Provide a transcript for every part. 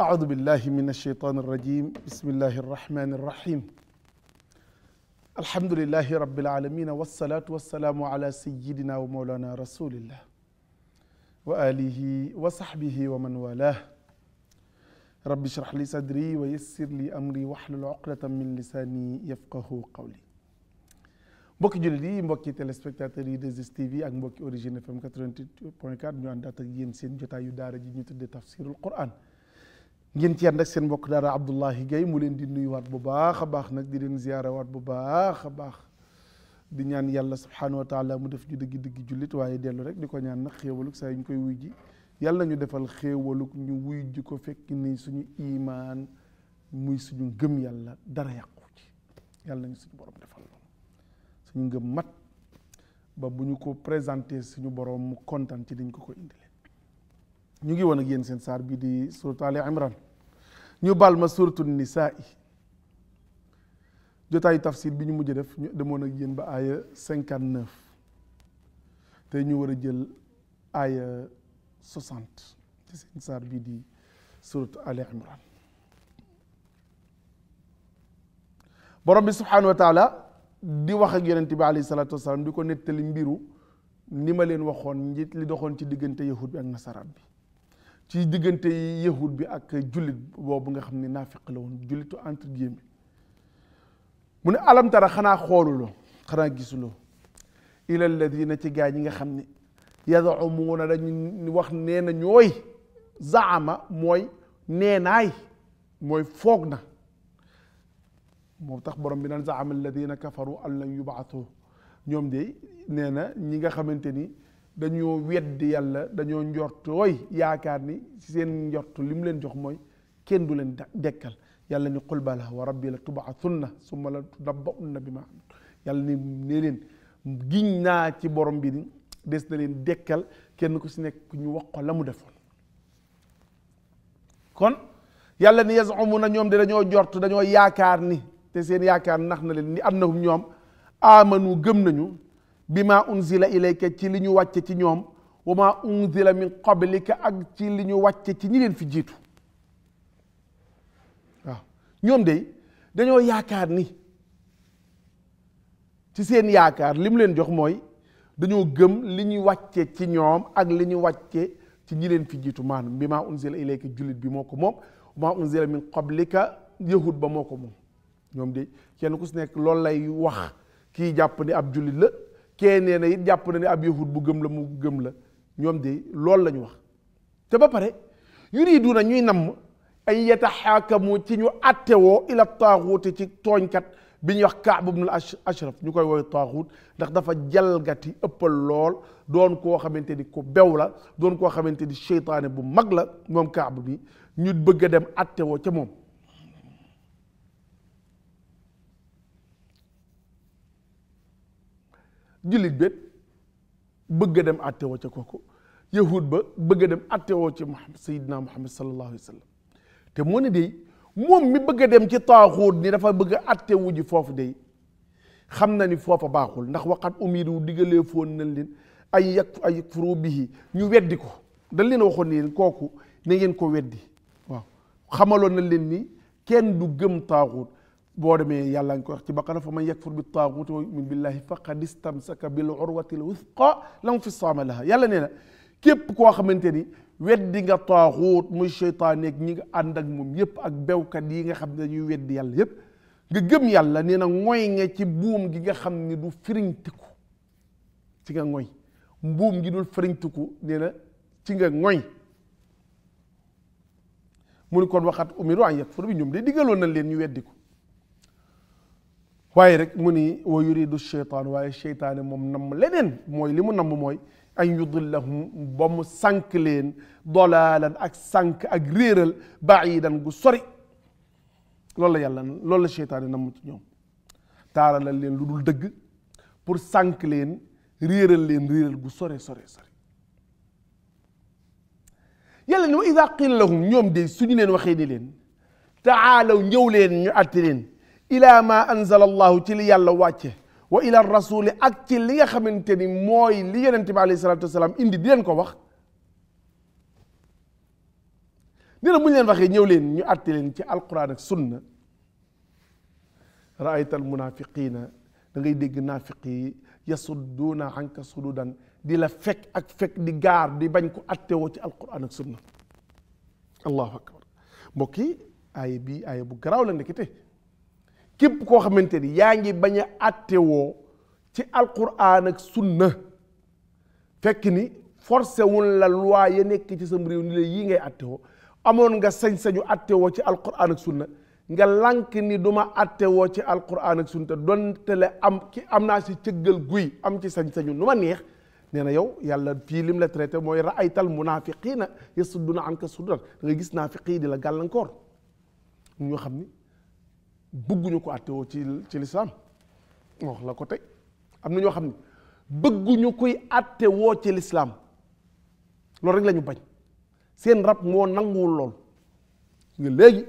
أعوذ بالله من الشيطان الرجيم بسم الله الرحمن الرحيم الحمد لله رب العالمين والصلاة والسلام على سيدنا ومولانا رسول الله wa alihi wa saxbihi wa man walah rabbi shrah li sadri wa yassir li amri waxlul uqdatan min lisaani yafqahu qawli mbokki jullit yi mbokki téléspectateurs yi 2STV ak mbokki origine fm 88.4 ñu àndaat ak sen seen jotaayu daara ji ñu tudde tafsirul quran ngeen ci ànd ak seen mbokk daara Abdullahi Gaye mu leen di nuyuwaat bu baax a baax nag di leen ziyaarawaat bu baax a baax di ñaan yàlla subhaanahu wa mu def ñu dëgg dëgg jullit waaye dellu rek di ko ñaan nag xéewalug saa yu ñu koy wuy ji yàlla ñu defal xéewalug ñu wuy ji ko fekk nii suñu imaan muy suñu ngëm yàlla dara yàqu ci yàlla ñu suñu borom defal loolu suñu ngëm mat ba bu ñu ko présenté suñu boroom mu kontaan ci dañ ko ko indilee ñu ngi woon ak yéen seen saar bi di suratu Ali Imran ñu baal ma suratu nisaa jotaayu tafsir bi ñu mujj def ñu demoon ak yéen ba aaya cinquante neuf tey ñu war a jël aaya soixante ci seen saar bii di surat Ali Imran borom bi subhanahu wa di wax ak yonent bi alayhi salaatu wasalaam di ko nettali mbiru ni ma leen waxoon njiit li doxoon ci diggante yahud bi ak nasaraan bi ci diggante yahud bi ak jullit boobu nga xam ni naafiq la woon jullitu entre guillemets mu ne alam tara xanaa xooluloo xanaa gisuloo ila alladina ci gaa ñi nga xam ne yazumuuna dañu wax nee na ñooy zaama mooy neenaay mooy foog na moo tax borom bi naan zaama alladina kafaru an lan yubaatu ñoom de nee na ñi nga xamante ni dañoo weddi yàlla dañoo njortooy yaakaar ni seen njort li mu leen jox mooy kenn du leen dekkal yàlla ni qul bala wa rabbi la na suma la na bi ma yàlla ni nee leen giñ naa ci borom bi ni des na leen dekkel kenn ku si nekk ku ñu wax ko la mu defoon kon yàlla ni yazumuna ñoom de dañoo jort dañoo yaakaar ni te seen yaakaar nax na leen ni annahum ñoom amanu gëm nañu bi ma unzila ilayka ci li ñu wàcce ci ñoom wa ma unzila min qablika ak ci li ñu wàcce ci ñi leen fi jiitu ñoom de dañoo yaakaar ni ci seen yaakaar li mu leen jox mooy dañoo gëm li ñu wàcce ci ñoom ak li ñu wàcce ci ñi leen fi jiitu maanaam bi maa unzila ilayka jullit bi moo ko moom maa unzila min qablika yahud ba moo ko moom ñoom de kenn ku si nekk loolu lay wax kii jàpp ni ab jullit la kee nee na it jàpp na ni ab yahud bu gëm la mu gëm la ñoom de loolu la wax te ba pare yuriidu na ñuy namm an yataxaakamu ci ñu attewoo ila taaxuuti ci tooñkat bi ñuy wax Kaab ibnul Ashraf ñu koy woowee taaxuut ndax dafa jalgati ëppal lool doon koo xamante ni ku bew la doon koo xamante ni seytaane bu mag la moom kaabu bi ñu bëgg a dem attewoo ca moom jullit bét bëgg a dem attewoo ca kooku yahud ba bëgg a dem ci Muhammad Seydina Muhammad sallallahu alayhi te moo ne day moom mi bëgg a dem ci taaxuut ni dafa bëgg a atte wu ji foofu day xam na ni foofa baaxul ndax waxat umiru diggalee foon nañ leen ay yak ay furu bihi ñu weddi ko dañ leen waxoon ne kooku na ngeen ko weddi waaw xamaloon nañ leen ni kenn du gëm taaxuut boo demee yàlla ngi ko wax ci baqara fa man yakfur bi taaxuut wa yumin billahi faqad istamsaka bil urwatil wusqa lam fi saama laha yàlla nee na képp koo xamante ni weddi nga taaxuut muy seytaane ñi nga ànd ak moom yépp ak bewkat yi nga xam ne dañuy weddi yàlla yépp nga gëm yàlla nee na ngoy nga ci buum gi nga xam ni du firiñtiku ci nga ngoy buum gi dul firiñtiku nee na ci nga ngoy mu ni kon waxaat umiru an yakfuru bi ñoom day diggaloon nañ leen ñu weddi ko waaye rek mu ni wa du sheytaan waaye sheytaane moom namm leneen mooy li mu namm mooy an yudillahum ba mu sànq leen dolaalan ak sànq ak réeral baidan gu sori loolu la yàlla loolu la seytaane namm ci ñoom taaralal leen lu dul dëgg pour sànq leen réeral leen réeral gu sore sore sore yàlla ne wa ida qila lahum ñoom de suñu leen waxee ni leen taalaw ñëw leen ñu àtte leen ila ma anzala allahu ci li yàlla wàcce wa ila rasuli ak ci li nga xamante ni mooy li yonente bi alayhi salatu indi di leen ko wax nee na mu ñu leen waxee ñëw leen ñu àtte leen ci alquran ak sunna raayta almunafiqina da ngay dégg naafiq yi yasudduuna anka sududan di la fekk ak fekk di gaar di bañ ko àtte woo ci alquran ak sunna allahu akbar mbokk aaya bii aaya bu garaaw la ndekete képp koo xamante ni yaa ngi bañ a àttewoo ci alquran ak sunna fekk ni force wun la loi ya nekk ci sam réew ni la yii ngay àttewoo amoon nga sañ-sañu àttewoo ci alquran ak sunna nga lànk ni duma àttewoo ci alquran ak doon donte le am ki am naa si cëggal guy am ci sañ-sañu nu ma neex nee na yow yàlla fii lim la traité mooy raaytal munafiqina yasudduna anka suddan da nga gis naafiqi di la gàllankoor ñu xam ni bëgguñu ko àttewoo ci ci lislaam wax la ko tey am na ñoo xam ne bëgguñu koy àttewoo ci lislaam loolu rek lañu bañ seen rab moo nanguwul lool nga léegi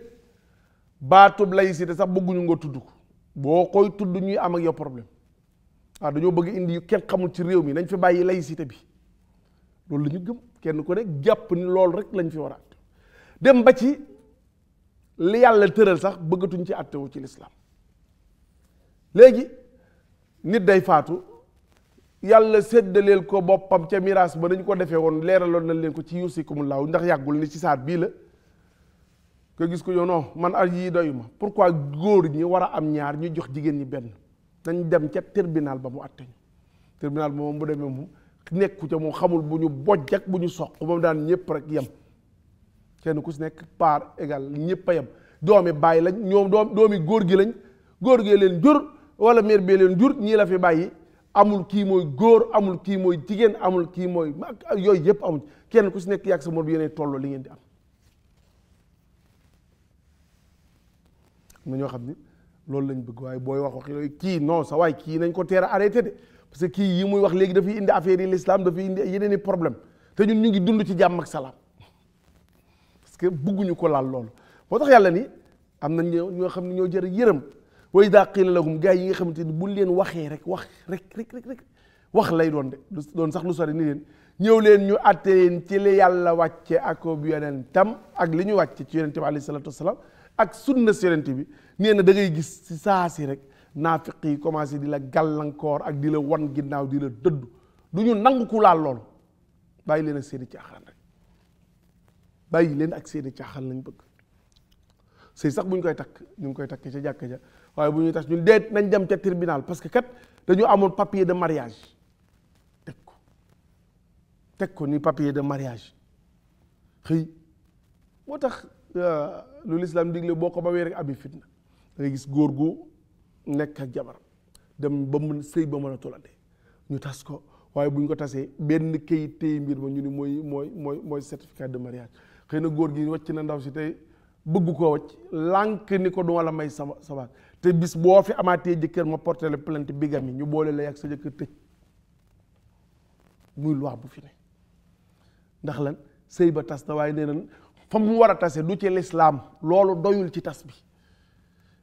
baatub laïcité sax bëgguñu nga tudd ko boo koy tudd ñuy am ak yow problème waa ah, dañoo bëgg indi kenn xamul ci réew mi nañ fi bàyyi laïcité bi loolu la ñu gëm kenn ku ne jàpp ni loolu rek lañ fi war a dem ba ci li yàlla tëral sax bëggatuñ ci àttewu ci lislaam léegi nit day faatu yàlla séddaleel ko boppam ca miraas ba nañu ko defee woon leeraloon nañ leen ko ci mu yuusikumullaahu ndax yàggul ni ci saat bii la nga gis ko yow non man ak yii doyuma pourquoi góor ñi war a am ñaar ñu jox jigéen ñi benn dañ dem ca tribunal ba mu àtte ñu tribunal ba mu bu demee moom nekku ca moom xamul bu ñu bojj bu ñu soq moom daan ñëpp rek yem kenn ku si nekk part égal ñëpp a yem doomi bàyyi lañ ñoom doom doomi góor gi lañ góor gi leen jur wala mère bee leen jur ñii la fi bàyyi amul kii mooy góor amul kii mooy jigéen amul kii mooy yooyu yëpp amul kenn ku si nekk yàgg sa moom yeneen tolloo li ngeen di am na ñoo xam ni loolu lañ bëgg waaye booy wax wax yooyu kii non sa waay kii nañ ko teer a arrêté de parce que kii yi muy wax léegi dafay indi affaire yi l'islam dafay indi yeneen i problème te ñun ñu ngi dund ci jàmm ak parce que bëgguñu ko laal loolu moo tax yàlla ni am na ñoo ñoo xam ne ñoo jër yërëm wa idaa la lahum gars yi nga xamante ni buñ leen waxee rek wax rek rek wax lay doon de doon sax lu sori ni leen ñëw leen ñu àtte leen ci li yàlla wàcce akoob tam ak li ñu wàcce ci yonente bi alayhi salatu wasalaam ak sunna si yonente bi nee na da ngay gis si saa si rek naafiq yi commencé di la gàllankoor ak di la won ginnaaw di la dëddu du ñu nangu ku laal loolu bàyyi leen ak seeni caaxaan rek bàyyi leen ak seeni caaxaan lañ bëgg sëy sax bu ñu koy takk ñu ngi koy takk ca jàkk ja waaye bu ñuy tas ñun deet nañ dem ca tribunal parce que kat dañu amoon papier de mariage teg ko teg ko ni papier de mariage xëy moo tax euh, lu lislaam digle boo ko ba wee rek abi fitna da gis góor gu nekk ak jabar dem ba mun sëy ba mën a tolante ñu tas ko waaye bu ñu ko tasee benn kayit téye mbir ma ñu ni mooy mooy mooy mooy certificat de mariage xëy na góor gi wacc na ndaw si tey bëggu ko wàcc lànk ni ko duma la may sa sa te bis boo fi amaatee jëkkër ma porté la plainte bigamie ñu boole la yàgg sa jëkkër tëj muy loi bu fi ne ndax lan sëy ba tas na waaye nee na fa mu war a tase du ci lislaam loolu doyul ci tas bi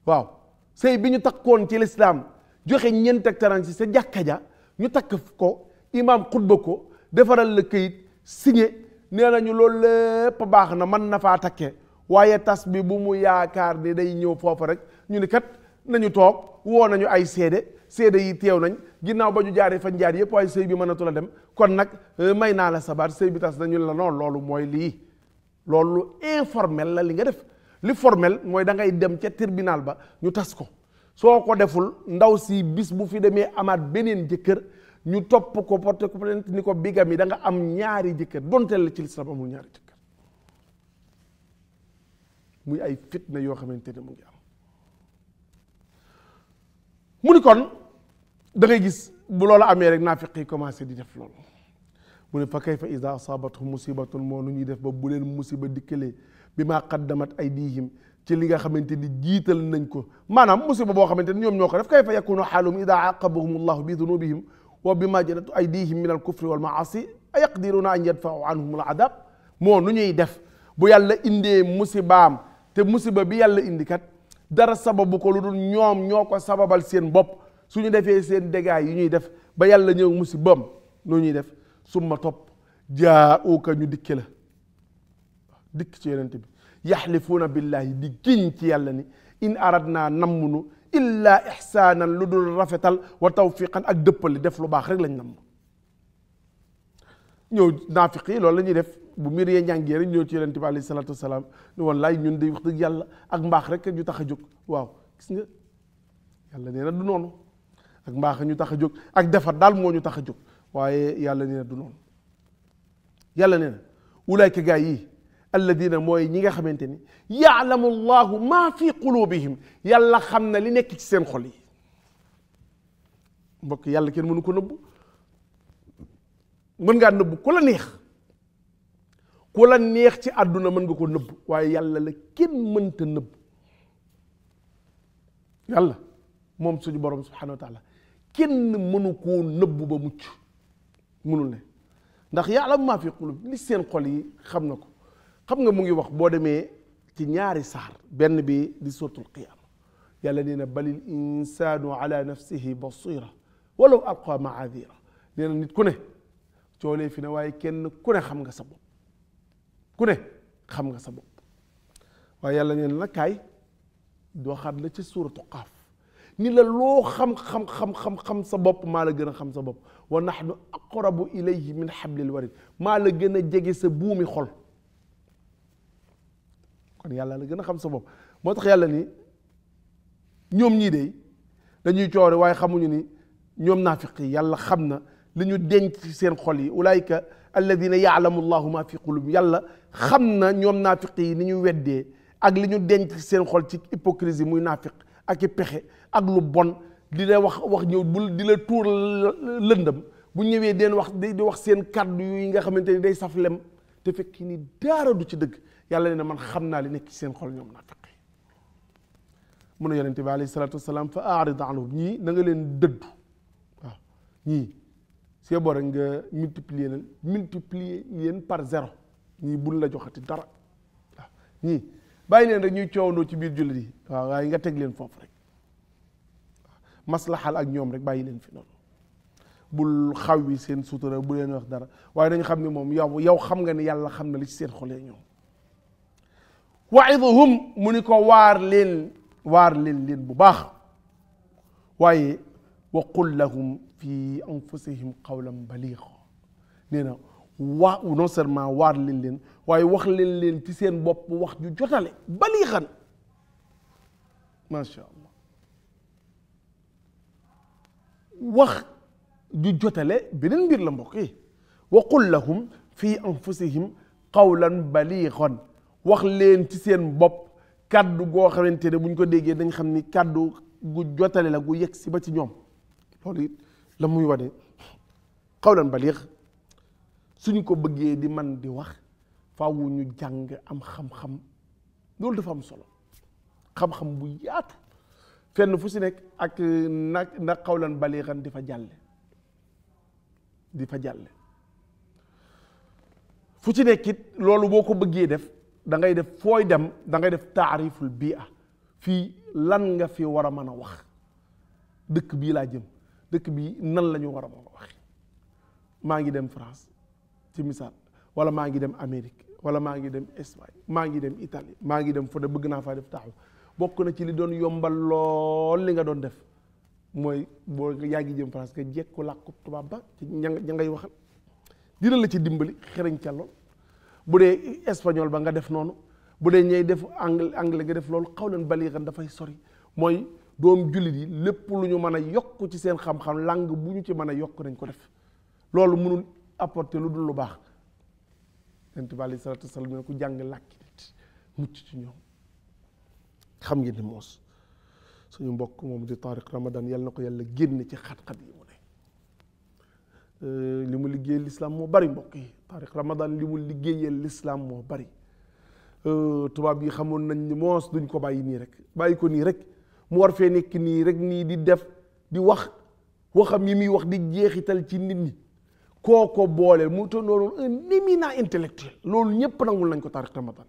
waaw sëy bi ñu takkoon ci lislaam joxe ñeent ak taraan si sa jàkka ja ñu takk ko imaam xutba ko defaral la këyit signé nee nañu loolu lépp baax na man na faa takke waaye tas bi bu mu yaakaar ni day ñëw foofu rek ñu ni kat nañu toog woo nañu ay seede seede yi teew nañ ginnaaw ba ñu jaaree fañ jaar yëpp waaye sëy bi mënatu la dem kon nag euh, may naa la sabar sëy bi tas nañu la noonu loolu mooy lii loolu informel la li nga def li formel mooy da ngay dem ca tribunal ba ñu tas ko soo ko deful ndaw si bis bu fi demee amaat beneen jëkkër ñu topp ko porté ko plainte ni ko bigami da danga am ñaari jëkkër donte la ci lislam amul ñaari jëkkër muy ay fitna yoo xamante ne mu ngi am mu ni kon da ngay gis bu loolu amee rek naafiq yi commencé di def loolu mu ne fa kayfa ida asaabathum musibatun moo nu ñuy def ba bu leen musiba dikkalee bi maa qaddamat aydihim ci li nga xamante ni jiital nañ ko maanaam musiba boo xamante ni ñoom ñoo ko def kayfa yakunu xaalum ida aqabahum allahu bi dunubihim bi wa bima jarat aydihim min al kufri wal maasi ayaqdiruna an yadfau anhum al adab moo nu ñuy def bu yàlla indee musibaam te musiba bi yàlla indi kat dara sababu ko lu dul ñoom ñoo ko sababal seen bopp su ñu defee seen dégâts yu ñuy def ba yàlla ñëw musibam nu ñuy def summa topp jaa uka ñu dikke la dikk ci yonent bi yaxlifuuna billahi di giñ ci yàlla ni in aradna nammunu illaa ixsaanan lu dul rafetal wa tawfiqan ak dëppale def lu baax rek lañ nam ñëw naafiq yi loolu la def bu mbir yee njàngee rek ñëw ci yonent bi alayhi salaatu wasalaam ni woon laay ñun di wax dëgg yàlla ak mbaax rek ñu tax a jóg waaw gis nga yàlla nee du noonu ak mbaax ñu tax a jóg ak defar daal moo ñu tax a jóg waaye yàlla nee du noonu yàlla nee wulaay ka gaa yi alladina mooy ñi nga xamante ni yaalamu llahu maa fi qulubihim yàlla xam na li nekk ci seen xol yi mbokk yàlla kenn mënu ko nëbbu mën ngaa nëbbu ku neex ci àdduna mën nga ko nëbbu waaye yàlla la kenn mënta nëbbu yàlla moom suñu borom subhanahu wa taala kenn mënu koo nëbbu ba mucc mënul ne ndax yaalamu maa fi qulub li seen xol yi xam na ko xam nga mu ngi wax boo demee ci ñaari saar benn bi di suratul qiyaama yàlla nee na balil insaanu ala nafsihi basira walaw alqa maadira nee na nit ku ne coolee fi ne waaye kenn ku ne xam nga sa bopp ku ne xam nga sa bopp waaye yàlla nee na la kaay ci suratu la loo xam-xam xam-xam xam sa bopp maa la gën a xam sa bopp wa nahnu aqrabu ilayhi min hablil warid maa la gën a jege sa buumi xol kon yàlla la gën a xam sa bopp moo tax yàlla ni ñoom ñii de dañuy coore waaye xamuñu ni ñoom naafiq yi yàlla xam na li ñu denc seen xol yi ulaayka alladina yaalamu llahu ma fi qulub yàlla xam na ñoom naafiq yi ni ñu weddee ak li ñu denc seen xol ci hypocrisie muy naafiq ak i pexe ak lu bon di la wax wax ñëw bul di la tuur lëndëm bu ñëwee deen wax di wax seen kàddu yi nga xamante ni day saf lem te fekk ni daara du ci dëgg yàlla nee na man xam naa li nekk ci seen xol ñoom naafeq yi mun na yonente bi alayhi salaatu wasalaam fa aarid anhum ñii na leen dëddu waaw ñii see boo rek nga multiplier leen multiplier leen par zéro ñii bul la joxati dara waaw ñii bàyyi leen rek ñuy coowandoo ci biir jullit yi waaw waaye nga teg leen foofu rek maslaxal ak ñoom rek bàyyi leen fi noonu bul xaw yi seen sutura bu leen wax dara waaye dañu xam ne moom yow yow xam nga ne yàlla xam na li ci seen xol ñoom waidhum mu ni ko waar leen bu baax waaye wa qul lahum fi anfusihim qawlan baliga nee na waa leen leen waaye wax leen leen ci seen bopp wax ju jotale balixan macha allah wax ju jotale beneen mbir la mbokk yi wa qul lahum fi anfusihim qawlan balixan wax leen ci seen bopp kàddu goo xamante ne bu ñu ko déggee dañ xam ni kàddu gu jotale la gu yegg si ba ci ñoom loolu it la muy wane xawlan baliix suñu ko bëggee di man di wax faaw ñu jàng am xam-xam loolu dafa am solo xam-xam bu yaatu fenn fu si nekk ak na na xawlan baliixan di fa jàlle di fa jàlle fu ci nekk it loolu boo ko bëggee def da ngay def fooy dem dangay def def bii bia fii lan nga fi war a mën a wax dëkk bii laa jëm dëkk bii nan lañu war a mën a wax maa ngi dem France ci misaal wala maa ngi dem Amérique wala maa ngi dem Espagne maa ngi dem Italie maa ngi dem fu ne bëgg naa fa def taaxu bokk na ci li doon yombal lool li nga doon def mooy boo yaa ngi jëm France nga jekku làkku tubaab ba ci ña ngay waxal dina la ci dimbali xereñ ca lool bu dee espagnol ba nga def noonu bu dee ñey def anglais anglais nga def loolu xawlan baliixan dafay sori mooy doom jullit yi lépp lu ñu mën a yokk ci seen xam-xam langue bu ñu ci mën a yokk nañ ko def loolu mënul apporter lu dul lu baax yonent bi aleyhi salaatu wa salaam ne ku jàng làkki nit mucc ci ñoom xam ngeen ni moos suñu mbokk moom di Tariq Ramadan yal na ko yàlla génn ci xat-xat yi mu ne euh, li mu liggéey lislaam moo bari mbokk yi Tariq Ramadan li mu liggéeyal lislaam moo bari euh, tubaab yi xamoon nañ ni moos duñ ko bàyyi nii rek bàyyi ko nii rek mu war fee nekk nii rek nii di def di wax waxam yi muy wax di jeexital ci nit ñi koo ko boole mu tëndoon un éminent intellectuel loolu ñëpp nangul nañ ko Tariq Ramadan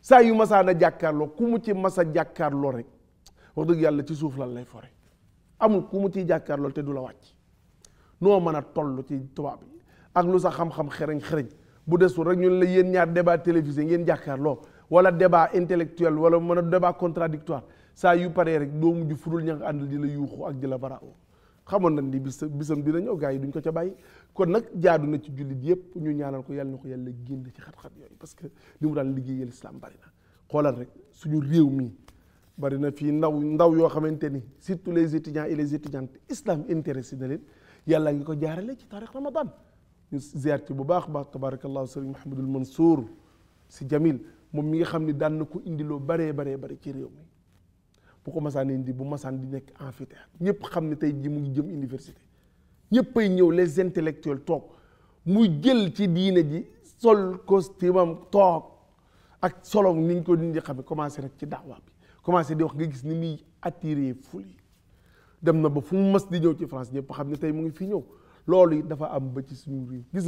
saa yu masaan a jàkkaarloo ku mu ci masa jàkkaarloo rek wax yàlla ci suuf lan lay fore amul ku mu ciy jàkkaarloo te du la wàcc noo mën a toll ci tubaab yi ak lu sax xam-xam xereñ xereñ bu desul rek ñun la yéen ñaar débat télévisé ngeen jàkkaarloo wala débat intellectuel wala mën a débat contradictoire saa yu paree rek doo mujj fudul ña nga àndal di la yuuxu ak di la baraaw xamoon nañ ni bis bisam dina ñëw gars yi duñ ko ca bàyyi kon nag jaadu na ci jullit yépp ñu ñaanal ko yàlla na ko yàlla génn ci xat-xat yooyu parce que li mu daan liggéeyal islam bari na rek suñu réew mi bari na fii ndaw ndaw yoo xamante ni surtout les étudiants et les étudiantes islam intéressé na leen yàlla ngi ko jaarale ci taarix ramadan ñu ziar bu baax baax tabarakallahu sëriñ Mouhamadul Mansour si Jamil moom mi nga xam ne daan na ko indiloo baree baree bare ci réew mi bu ko masaan indi bu masaan di nekk amphithéâtre ñëpp xam ne tey ji mu ngi jëm université ñëpp ay ñëw les intellectuels toog muy jël ci diine ji sol costume am toog ak solom ni ñu ko nit xamee commencé rek ci daawa bi commencé di wax nga gis ni muy attiré ful yi dem na ba fu mu mas di ñëw ci France ñëpp xam ne tey mu ngi fi ñëw loolu dafa am ba ci suñu réew gis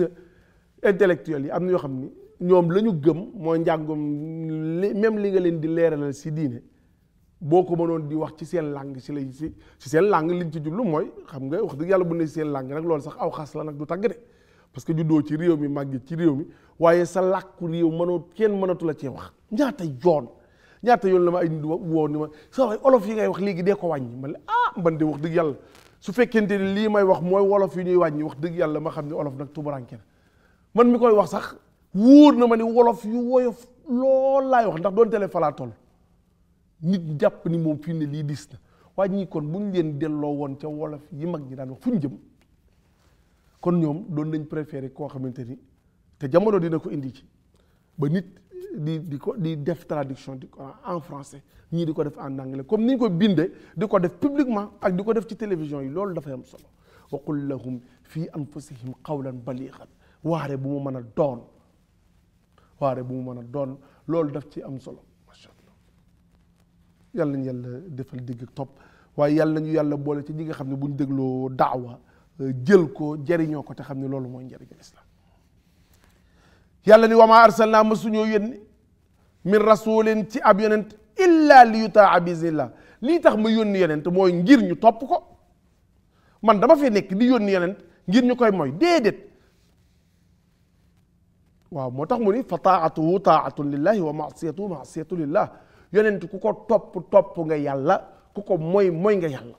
nga intellectuel yi am na yoo xam ni ñoom lañu gëm mooy njàngum li même li nga leen di leeralal si diine boo ko mënoon di wax ci seen langue si lay si si seen langue liñ ci jublu mooy xam nga wax dëgg yàlla bu ne seen langue nag loolu sax aw xas la nag du tàgg de parce que juddoo ci réew mi màgg ci réew mi waaye sa làkku réew mënoo kenn mënatu la cee wax ñaata yoon ñaata yoon la ma ay woo ni ma sa waay olof yi ngay wax léegi dee ko wàññi ah, man la ah wax dëgg yàlla su fekkente ni lii may wax mooy wolof yi ñuy wàññi wax dëgg yàlla ma xam ne olof nag tubaranke na man mi koy wax sax wóor na ma ni wolof yu woyof lool laay wax ndax doon tele falaa toll nit jàpp ni moom fii ne lii dis na waaye ñii kon mu ñu leen delloo woon ca wolof yi mag ñi daan wax fu ñu jëm kon ñoom doon nañ préféré koo xamante ni te jamono dina ko indi ci ba nit di di ko di def traduction du Coran en français ñii di ko def en anglais comme ni ñu ko binde di ko def publiquement ak di ko def ci télévision yi loolu dafay am solo wa qul lahum fii anfusihim qawlan baliigan waare bu mu mën a doon waare bu mu mën a doon loolu daf ci am solo macha allah yàlla defal dégg topp waaye yàlla nañu yàlla boole ci ñi nga xam ne bu ñu dégloo daawa jël ko jëriñoo ko te xam ne loolu mooy njëriñu islam yàlla ni wama arsalna masuñoo yónni min rasulin ci ab yonent illa li yutaa biznillah lii tax ma yónni yonent mooy ngir ñu topp ko man dama fi nekk di yónni yonent ngir ñu koy moy déedéet waaw moo tax mu ni fa taatuhu taatun lillahi wa maasiyatuhu maasiyatu lillah yonent ku ko topp topp nga yàlla ku ko moy mooy nga yàlla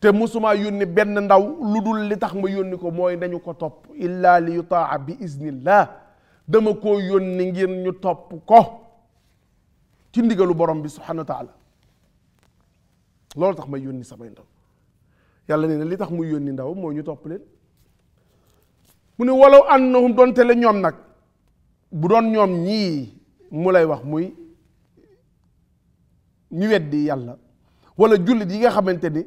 te mosumaa yónni benn ndaw lu dul li tax ma yónni ko mooy dañu ko topp illaa li yutaa bi iznillah dama koo yónni ngir ñu topp ko ci ndigalu borom bi subhanahu wa loolu tax may yónni samay ndaw yàlla nee na li tax muy yónni ndaw mooy ñu topp leen mu ne walaw annahum doonte la ñoom nag bu doon ñoom ñii mu lay wax muy ñu weddi yàlla wala jullit yi nga xamante ni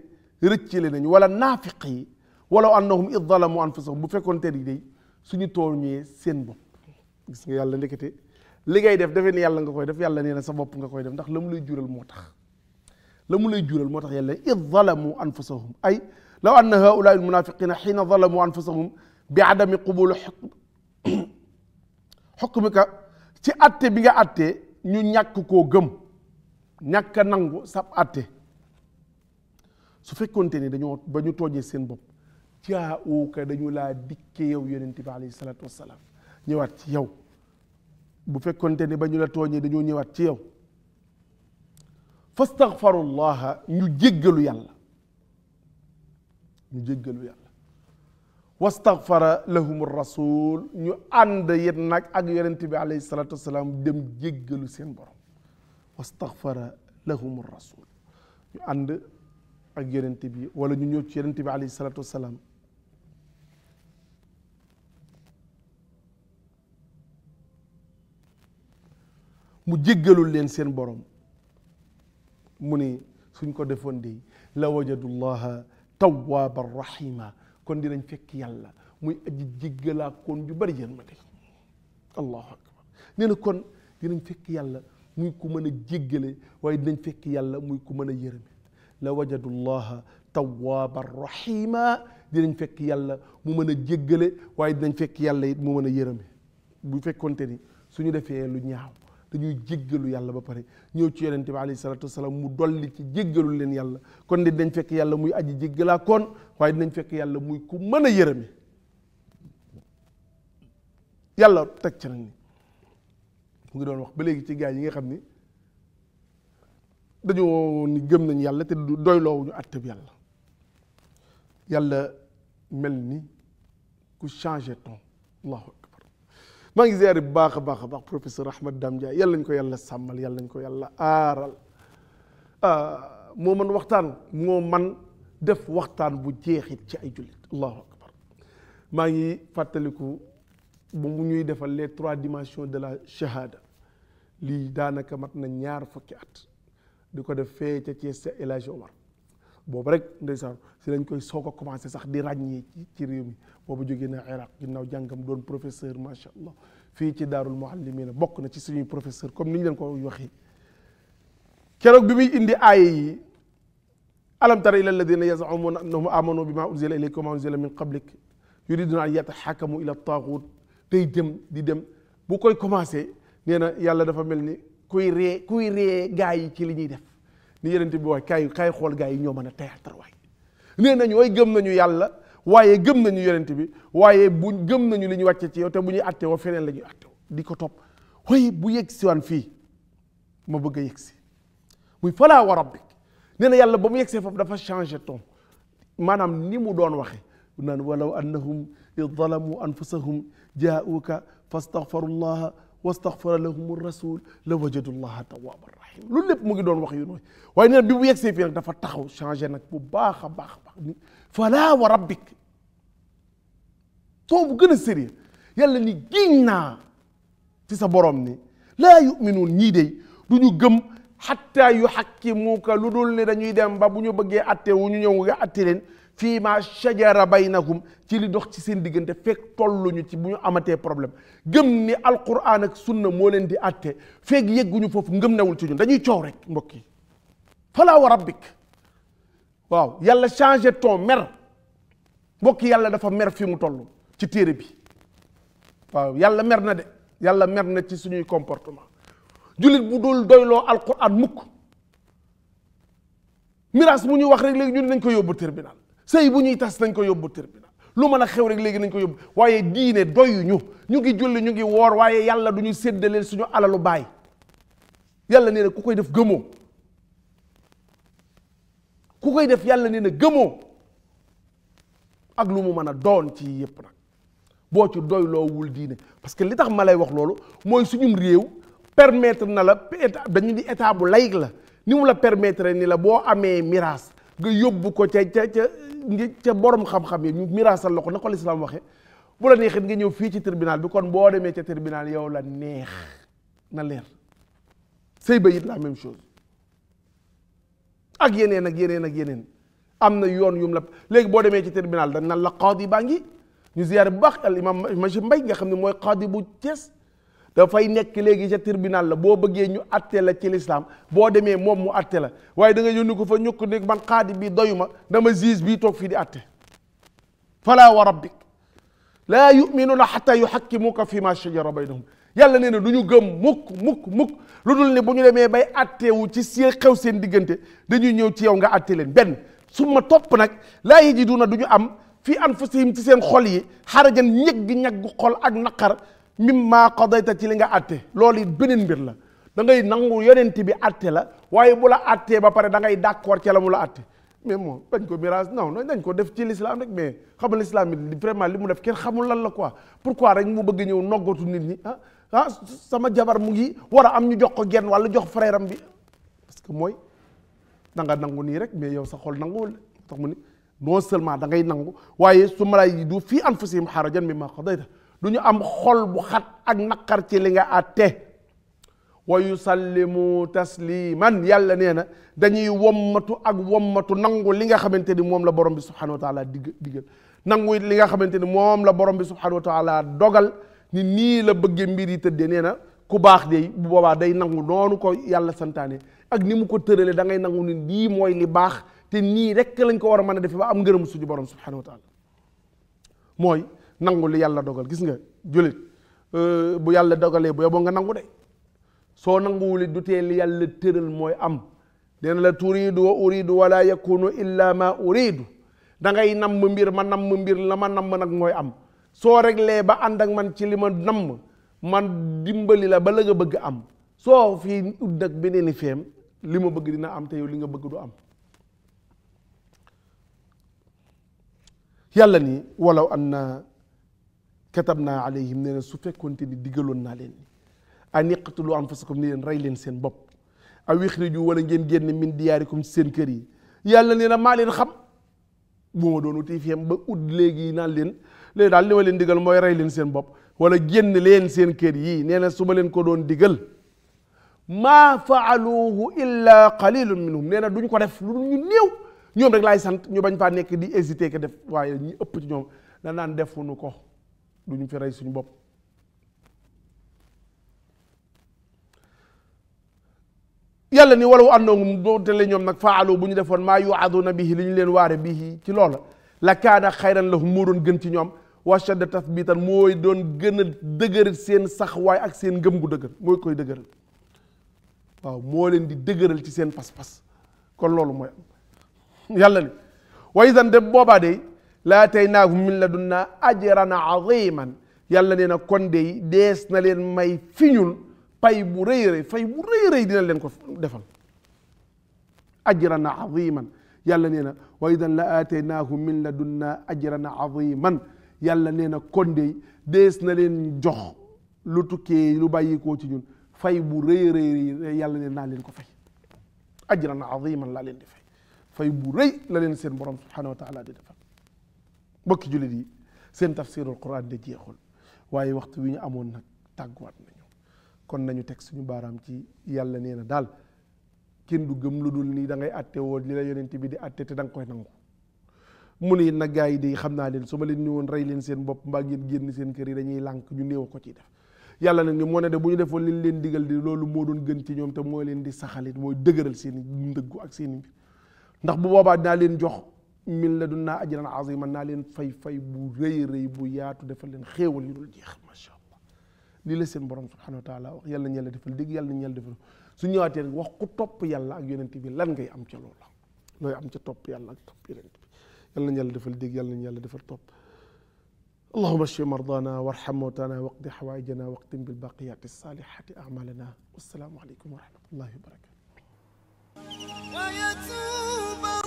rëccale nañu wala naafiq yi walaw annahum id zalamu anfusahum bu fekkoon te di day suñu tooñee seen bopp gis nga yàlla ndekete li ngay def defe ni yàlla nga koy def yàlla nee na sa bopp nga koy def ndax la lay jural moo tax la mu lay jural moo tax yàlla id zalamu anfusahum ay law anna haulaai almunafiqina xiina zalamu anfusahum bi adami qubulu xukmika ci atte bi nga atte ñu ñàkk koo gëm ñàkk a nangu sab atte su fekkoonte ni dañoo ba ñu tooñee seen bopp jaa uuka dañu laa dikke yow yonent bi alayhi salaatu wassalaam ñëwaat ci yow bu fekkoonte ni ba ñu la tooñee dañoo ñëwaat ci yow fastaghfarullaha ñu jéggalu yàlla ñu jéggalu yàlla wastaghfara lahum rasul ñu ànd yit nag ak yonent bi alayhi salaatu salaam dem jéggalu seen borom wastaghfara lahum rasul ñu ànd ak yonent bi wala ñu ñëw ci yonent bi alayhi salaatu mu jéggalul leen seen borom mu ni suñ ko defoon de la wajadu llaha tawaaban rahima kon dinañ fekk yàlla muy aji jéggalaa bari yërmande allahu akbar nee kon dinañ fekk yàlla muy ku mën a jéggale waaye dinañ fekk yàlla muy ku mën a yërëme la wajadu llaha tawaaban rahima dinañ fekk yàlla mu mën a jéggale waaye dinañ fekk yàlla it mu mën a yërëme bu fekkonte ni ñu defee lu ñaaw dañuy jéggalu yàlla ba pare ñëw ci yonente bi alayhi salatu wasalaam mu dolli ci jéggalu leen yàlla kon de dinañ fekk yàlla muy aji jéggalaa koon waaye dinañ fekk yàlla muy ku mën a yërëme yàlla teg ci nag mu ngi doon wax ba léegi ci gaa yi nga xam ni dañoo ni gëm nañ yàlla te doyloowuñu àtteb yàlla yàlla mel ni ku changé ton allahu akbar maa ngi ziare bu baax a baax a baax professeur Ahmed Dame Ndiaye yàlla ñu ko yàlla sàmmal yàlla ñu ko yàlla aaral ah, moo man waxtaan moo man def waxtaan bu jeexit ci ay jullit allahu akbar maa ngi fàttaliku ba ñuy defal les trois dimensions de la shahada lii daanaka mat na ñaar fukki at di ko def fee ca Thiès ca El Hadj Omar boobu rek si lañ koy soog a commencé sax di ràññee ci réew mi boobu jógee na Iraq ginnaaw jàngam doon professeur macha allah fii ci daarul muallimina bokk na ci suñuy professeur comme ni ñu leen ko waxee keroog bi muy indi aaya yi alam tara ila alladina yazamuna annahum amanu bima unzila ilayka wa ma unzila min qablik yuriduna an yatahakamu ila taaxut tey dem di dem bu koy commencé ni na yàlla dafa mel ni kuy ree kuy ree gaa yi ci li ñuy def ni yeneen bi waay kay kaay xool gaa yi ñoo mën a théâtre waay nee nañu way gëm nañu yàlla waaye gëm nañu yonent bi waaye bu gëm nañu li ñu wàcce ci yow te bu ñuy àtte woo feneen la ñuy àtte woo di ko topp bu yëg si waan fii ma bëgg a yëg si muy falaa wa rabbik nee na yàlla ba mu yegsee foofu dafa changé ton maanaam ni mu doon waxe naan walaw annahum id zalamu anfusahum jaauka fastaghfaru llaha wastaxfara lahum rasul la wajadu llaha tawwaban rahim loolu lépp mu ngi doon wax yu nooy waaye nee na bi mu yegsee fii dafa taxaw changé nag bu baax a baax a baax wa rabbik too bu gën a sérieux yalla ni giñ naa ci sa borom ni laa yuminuun ñii de du ñu gëm xatta yu xakkimuuka lu dul ne dañuy dem ba bu ñu bëggee atte wu ñu ñëw nga atte leen fii maa shajara baynakum ci li dox ci seen diggante fekk tolluñu ci bu ñu amatee problème gëm ni alquran ak sunna moo leen di àtte fekk yegguñu foofu ngëm newul ci ñu dañuy coow rek mbokk yi falaa wa rabbik waaw yàlla changé ton mer mbokk yàlla dafa mer fii mu toll ci téere bi waaw yàlla mer na de yàlla mer na ci suñuy comportement jullit bu dul doyloo alquran mukk miraas mu ñu wax rek léegi ñun nañ ko yóbbu tribunal sëy bu ñuy tas nañ ko yóbbu tribunal lu mën a xew rek léegi nañ ko yóbbu waaye diine doyuñu ñu ngi julli ñu ngi woor waaye yàlla du ñu séddale suñu alalu baay yàlla nee na ku koy def gëmoo ku koy def yàlla nee na gëmoo ak lu mu mën a doon ci yépp nag boo ci doy loowul diine parce que li tax ma lay wax loolu mooy suñum réew permettre na la dañu di état bu laïque la ni mu la permetre ni la boo amee miraas nga yóbbu ko ca ca ca ca borom xam-xam yi ñu miraasal la ko na ko lislaam waxe bu la neexee nga ñëw fii ci tribunal bi kon boo demee ca tribunal yow la neex na leer sëy ba it la même chose ak yeneen ak yeneen ak yeneen am na yoon yum la léegi boo demee ci tribunal da nan la qaadi baa ngi ñu ziyaare bu baax al imam Majib Mbay nga xam ne mooy qaadi bu Cees dafay nekk léegi ca tribunal la boo bëggee ñu atte la ci lislaam boo demee moom mu atte la waaye da nga yónni ko fa ñukk ne man xaadi bi doyuma dama juge bii toog fii di atte fala wa rabbik laa yuminuuna xata yuxakkimuka fi ma shajara baynahum yàlla nee na du ñu gëm mukk mukk mukk lu dul ne bu ñu demee bay attewu ci seen xew seen diggante dañuy ñëw ci yow nga atte benn su ma topp nag laa yajiduuna du ñu am fii anfusihim ci seen xol yi xarajan ñëg gi ñaggu xol ak naqar mimma qadayta ci li nga àtte loolu it beneen mbir la da ngay nangu yonent bi àtte la waaye bu la àttee ba pare da ngay d'accord ca la mu la àtte mais moom dañ ko mirage non non dañ ko def ci l'islam rek mais xamal l'islam it vraiment li mu def kenn xamul lan la quoi pourquoi rek mu bëgg ñëw noggatu nit ñi ah ah sama jabar mu ngi war a am ñu jox ko genn wala jox frère am bi parce que mooy da nangu nii rek mais yow sa xol nanguwul tax mu ni non seulement da ngay nangu waaye su ma lay du fii anfusihim harajan mimma qadayta du ñu am xol bu xat ak naqar ci li nga àtte wa yusallimu tasliman yàlla nee na dañuy wommatu ak wommatu nangu li nga xamante ni moom la borom bi subhanahu wa taala digg diggal nangu it li nga xamante ni la borom bi subhanahu wa taala dogal ni nii la bëgge mbir yi tëddee nee na ku baax de bu boobaa day nangu noonu ko yàlla santaane ak ni mu ko tëralee da ngay nangu ni lii mooy li baax te nii rek lañ ko war a mën a defee ba am ngërëm suñu borom subhanahu wa mooy nangu li yàlla dogal gis nga jullit euh, bu yàlla dogalee bu yoboo nga nangu de soo nanguwulit dutee tee li yàlla tëral mooy am dina la turiidu wa uriidu wala yakunu illa ma uriidu da ngay mbir ma namm mbir la ma namm nag mooy am soo réglee ba ànd ak man ci li ma namm man dimbali la ba la bëgg am soo fii ut nag beneen i feem li ma bëgg dina am te yow li nga bëgg du am yàlla ni walaw anna katab naa alayhim nee su fekkoonte ni digaloon naa leen an a anfusakum ni leen rey leen seen bopp aw ixriju wala ngeen génn min diyaarikum ci seen kër yi yàlla nee na maa leen xam bu ma doon uti fiem ba ut léegi naan leen léegi daal li ma leen digal mooy rey leen seen bopp wala génn leen seen kër yi nee na su leen ko doon digal maa faaluuhu illa qalilun minhum nee na duñ ko def lu ñu néew ñoom rek laay sant ñu bañ faa nekk di hésité ke def waaye ñi ëpp ci ñoom da naan defuñu ko du ñu fi rey suñu bopp yàlla ni walaw annahum dootale ñoom nag faalu bu ñu defoon maa yuaduna bihi li ñu leen waare bihi ci loola la kaana xayran lahum moo doon gën ci ñoom washadda tathbitan mooy doon gën a dëgëral seen saxwaay ak seen ngëm gu dëgër mooy koy dëgëral waaw moo leen di dëgëral ci seen pas-pas kon loolu mooy am yàlla ni way isan de boobaa de laa tey naahu min la dun naa ajran aziman yàlla nee na kon dey dees na leen may fi ñun pay bu rëy fay bu rëy dina leen ko defal ajran aziman yàlla nee na wa idan la aataynaahum min ladunnaa ajran aziman yàlla nee na kon dey dees na leen jox lu tukkee lu bàyyikoo ci ñun fay bu rëy rëy yàlla nee naa leen ko fay ajran aziman laa leen di fay fay bu la leen seen borom subhanahu wa taala di defal mbokki jullit yi seen tafsirul quran de jeexul waaye waxtu wi ñu amoon nag tàgguwaat nañu kon nañu teg suñu baaraam ci yàlla nee na daal kenn du gëm lu dul nii da ngay àtte woo li la yeneenti bi di àtte te da nga koy nangu mu ne nag gars yi de xam naa leen su ma leen ni woon rey leen seen bopp mbaa ngeen génn seen kër yi dañuy lànk ñu néew ko ci def yàlla nag ni moo ne de bu ñu defoon liñ leen digal di loolu moo doon gën ci ñoom te moo leen di saxalit mooy dëgëral seen i ndëggu ak seen i ndax bu boobaa dinaa leen jox min ladunnaa ajran aziman naa leen fay fay bu rëy rëy bu yaatu defal leen xéewal yu dul jeex allah lii la seen borom subhanahu wa taala wax defal dégg yàlla nañu yàlla defal wax ku topp yàlla ak yonent bi lan ngay am ca loola looy am ca topp yàlla ak topp yonent bi yàlla nañu yàlla defal dégg yàlla nañu yàlla defal topp allahuma shfi mardana warham mawtana waqdi xawaijana waqtim bilbaqiyati salihati amalana wassalaamu aleykum wa rahmatullahi